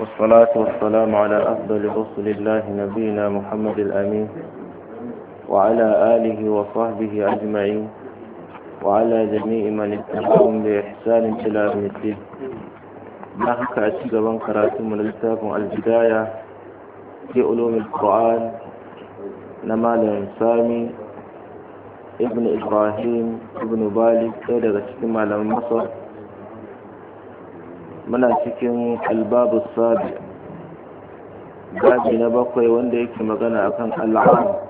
والصلاة والسلام على أفضل رسل الله نبينا محمد الأمين وعلى آله وصحبه أجمعين وعلى جميع من اتبعهم بإحسان إلى يوم الدين بحث أشجبا قرأت من الكتاب البداية في علوم القرآن نمال سامي ابن إبراهيم ابن بالي إلى إيه مصر muna cikin albabu sabi gabi na bakwai wanda yake magana akan al'am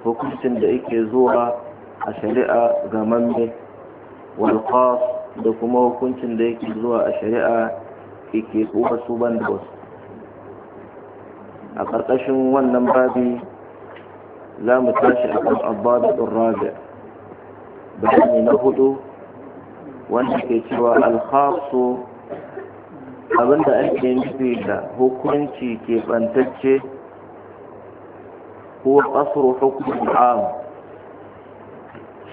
hukuncin da yake zuwa a shari'a ga mamme walƙas da kuma hukuncin da yake zuwa a shari'a yake su ban da wasu a ƙarƙashin wannan babi za mu tashi a kan abbadatun rabi bayani na hudu wanda ke cewa alhassu abinda ake nufi da hukunci ke bantacce ko kasar hukumin am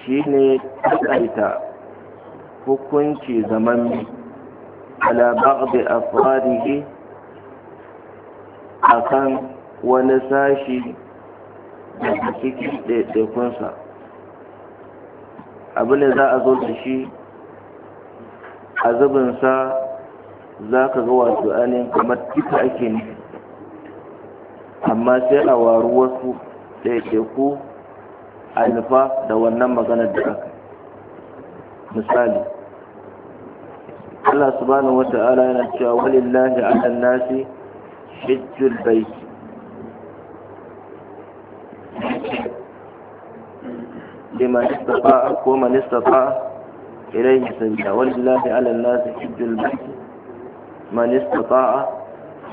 shi ne takaita hukunci zaman ala ba'di afradihi akan wani sashi daga cikin ɗaiɗaikunsa abin da za a zo da shi a zubinsa za ka ga wato ainihin kamar duka ake ne amma sai a waru wasu ɗaiɗaiku a nufa da wannan maganar da aka misali Allah subhanahu wa ta'ala yana cewa walillahi ala nasi hijjul bait liman istata'a ko man istata'a ilayhi sabila walillahi ala nasi hijjul bait man istata'a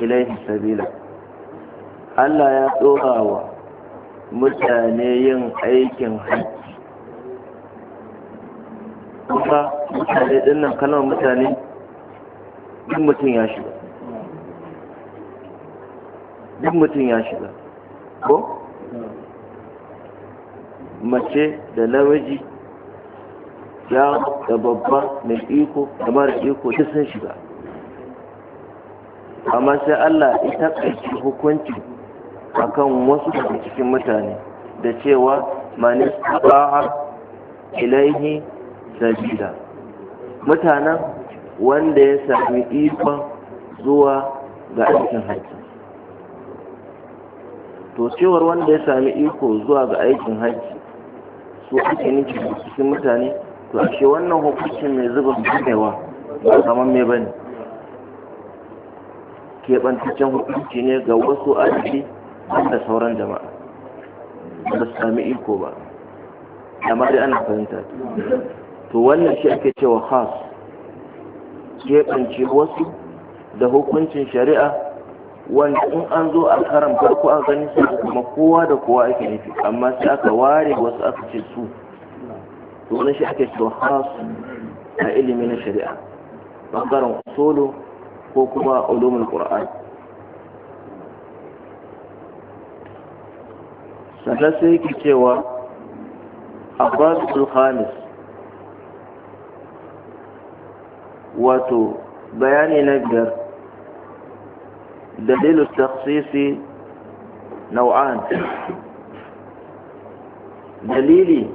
ilaihi sabila Allah ya tsora wa mutane yin aikin hajji kuma mutane dinnan kalmar mutane duk mutum ya shiga duk mutum ya shiga ko mace da namiji ya da babba mai iko da mara iko duk sun shiga amma sai Allah ita ƙarfi hukunci akan wasu daga cikin mutane da cewa man taba'a ilaihi sabila mutanen wanda ya sami ikon zuwa ga aikin haji to cewar wanda ya sami iko zuwa ga aikin haji su ake nufi cikin mutane to ashe wannan hukuncin mai zuba zubewa ba kamar mai bane keɓantaccen hukunci ne ga wasu adadi da sauran jama'a ba su sami iko ba amma dai ana fahimta to wannan shi ake cewa khas keɓance wasu da hukuncin shari'a wanda in an zo a karan farko a gani su kuma kowa da kowa ake nufi amma sai aka ware wasu aka ce su to wannan shi ake cewa khas a ilimin shari'a bangaren solo ko kuma ulumul qur'an sannan sai yake cewa abbasul khamis wato bayani na biyar dalilus takhsisi naw'an dalili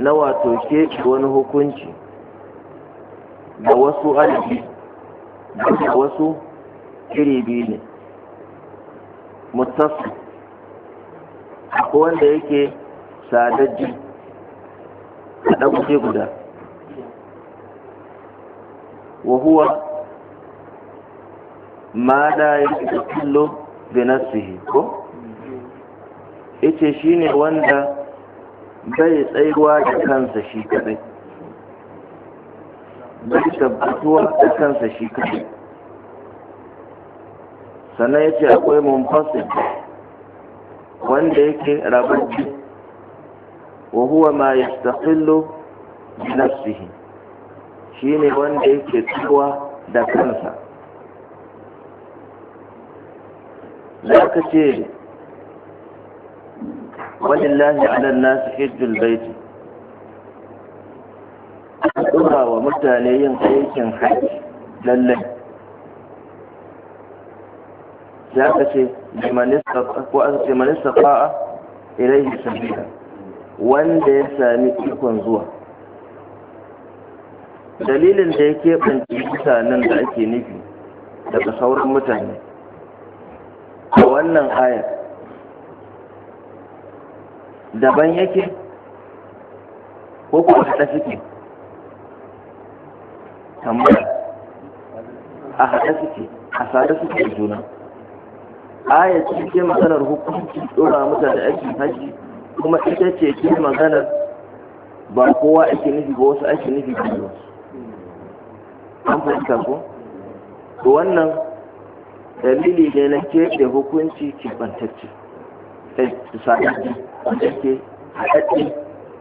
na wato ke wani hukunci da wasu alifi wasu iri biyu ne mutasu akwai wanda yake sadaji a ɗan guda wa ma la yaqulu bi nafsihi ko shi shine wanda bai tsayuwa da kansa shi kaɗai don tabbatuwa da kansa shi kai sannan ya ce akwai mumfasin wanda yake rababbi wa huwa ma na bi nafsihi ne wanda yake tsuwa da kansa za ka ce walillahi ala nasu hijjul baiti ɗora wa mutane yin aikin haji lallai ya ka ce ko aka ce manista fa'a ilaihi sabila wanda ya sami ikon zuwa dalilin da ya keɓance mutanen da ake nufi daga sauran mutane a wannan aya daban yake ko kuma ta suke tambaya a haɗa suke a sada suke da juna aya ce ke maganar hukunci ɗora mutane aikin haji kuma ita ce ke maganar ba kowa ake nufi ba wasu ake nufi ba wasu an fahimta ko to wannan dalili ne na keɓe hukunci kibantacce da su wanda ke haɗaɗɗe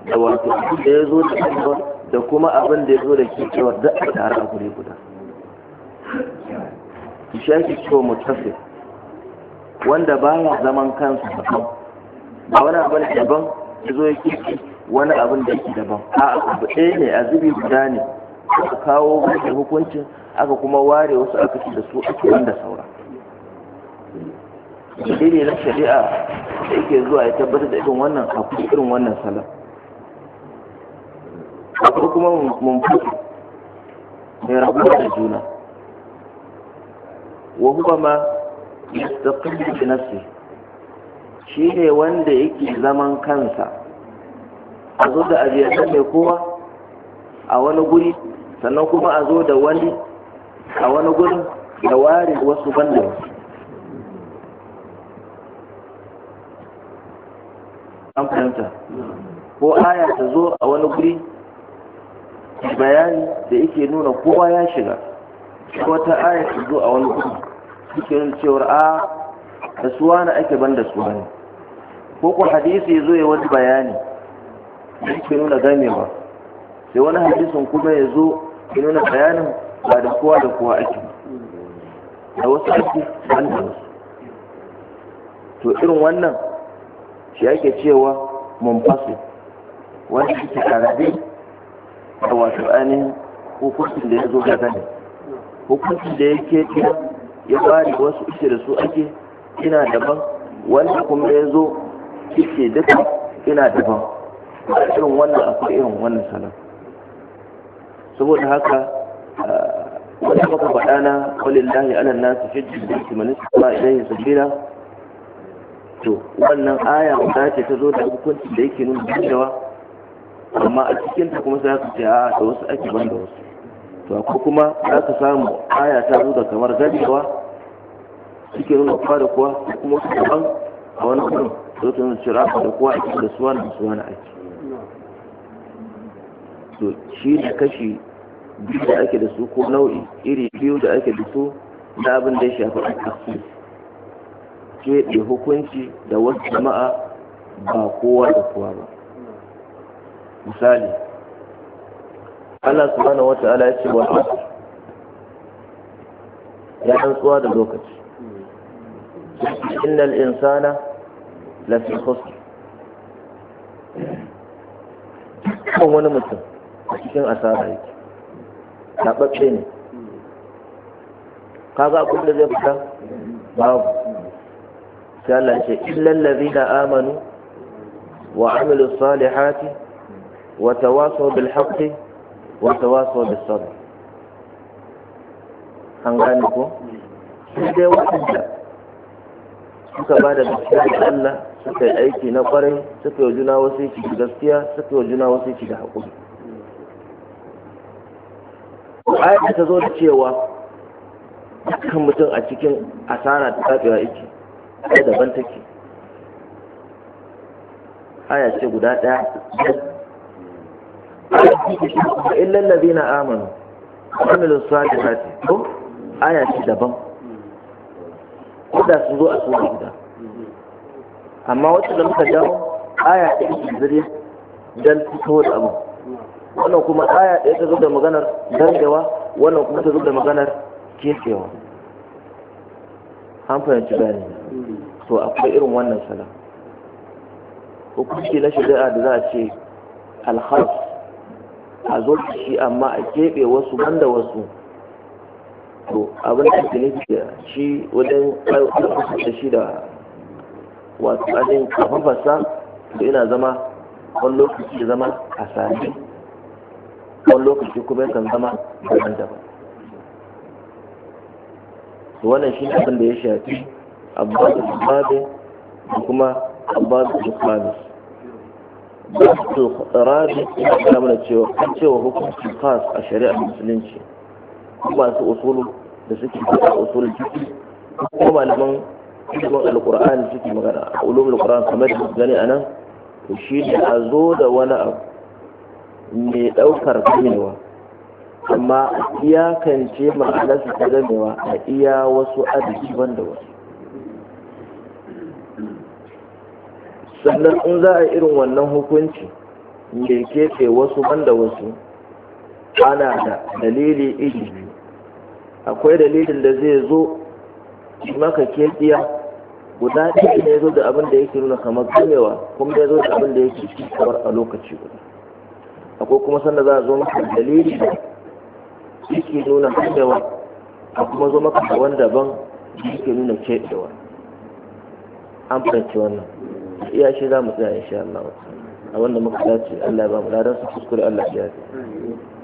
da wato da ya zo da ba da kuma abin da ya zo da cewa da a tare a guri guda ki ake cewa mutafi wanda baya zaman kansa daban ba wani abin daban ya zo ya keke wani abin da yake daban a abu ɗaya ne a zubi guda ne aka kawo wani hukuncin aka kuma ware wasu aka ci da su ake wanda saura ne na shari'a da yake zuwa ya tabbatar da irin wannan haku irin wannan salon akwai kuma mumfuki mai rabuwa da juna wa huwa ma yastaqillu bi nafsi shi ne wanda yake zaman kansa a zo da abiyatan mai kowa a wani guri sannan kuma a zo da wani a wani guri da ware wasu banda wasu an fahimta ko aya ta zo a wani guri bayani da yake nuna kowa ya shiga ta aya ta zo a wani gudu suke nuna cewar a da suwa na ake ban da bane ne ko ko hadisi ya zo ya wani bayani da yake nuna ba, sai wani hadisin kuma ya zo ya nuna bayanin ba da kowa da kowa ake da wasu ake ban da wasu to irin wannan shi ake cewa mumfasu wani yake arabi wato ainihin hukuncin da ya zo da ne hukuncin da ya ke ya bari wasu ishe da su ake ina daban wanda kuma ya zo ishe duka ina daban irin wannan akwai irin wannan salon saboda haka wani baka faɗa na walillahi ala nasu hijjin da man istata ilayhi sabila to wannan aya ta ce ta zo da hukuncin da yake nuna cewa amma a cikin ta kuma sai ka ce a da wasu ake ban da wasu to ko kuma za ka samu aya ta zo da kamar gajewa cikin nuna da kuwa ko kuma su daban a wani kurin da ta nuna shira da kuwa cikin da suwa da suwa na ake to shi da kashi biyu da ake da su ko nau'i iri biyu da ake da su na abin da ya shafi kasu ke da hukunci da wasu jama'a ba kowa da kowa ba misali Allah subhanahu wata'ala ya ce wa ya rantsuwa da lokaci innal insana fi khusr Kuma wani mutum a cikin asara yake taɓaɓɓe ne kaga abin da zai fita babu sai Allah ce illal ladina amanu wa amilu salihati وتواصوا بالحق وتواصوا بالصبر an gane ko sai dai waɗanda suka ba da gaskiya da Allah suka yi aiki na ƙwarai suka yi juna wasu yake da gaskiya suka yi juna wasu yake da haƙuri ayat ta zo da cewa dukkan mutum a cikin asara ta tsabewa yake ɗaya daban take aya ce guda ɗaya illa allazina amanu amilu salihati ko aya ce daban ko da sun zo a sura guda amma wacce da muka dawo aya ta yi zuriya dan fito da abu wannan kuma aya ɗaya ta zo da maganar dangewa wannan kuma ta zo da maganar kesewa an fahimci gani to akwai irin wannan sala hukunci na shari'a da za a ce alhars a zo da shi amma a keɓe wasu banda wasu to abin da ake nufi da shi wajen ƙarfafa da shi da wasu ajin kafafarsa da yana zama wani lokaci zama a sami wani lokaci kuma yakan zama daban daban to wannan shi abin da ya shafi abbas babin da kuma abbas da to rabi ina kana mana cewa an cewa hukunci khas a shari'ar musulunci masu usulu da suke da usulul jiki kuma malaman ilimin alqur'ani suke magana a ulumul qur'an kamar da gani anan to shi ne a zo da wani abu mai daukar gamewa amma iyakance ma'anarsa ta gamewa a iya wasu adadi banda wasu sannan in za a irin wannan hukunci mai keɓe wasu banda wasu ana da dalili iri akwai dalilin da zai zo maka keɓiya guda ɗaya ne zo da abin da yake nuna kamar gamewa kuma ya zo da abin da yake ci kamar a lokaci guda akwai kuma sanda za a zo maka dalili da yake nuna gamewa a kuma zo maka da wani daban yake nuna keɓewa an fahimci wannan ya shi za mu tsaya insha Allah a wanda muka dace Allah bamu ba mu ladan su kuskure Allah ya ce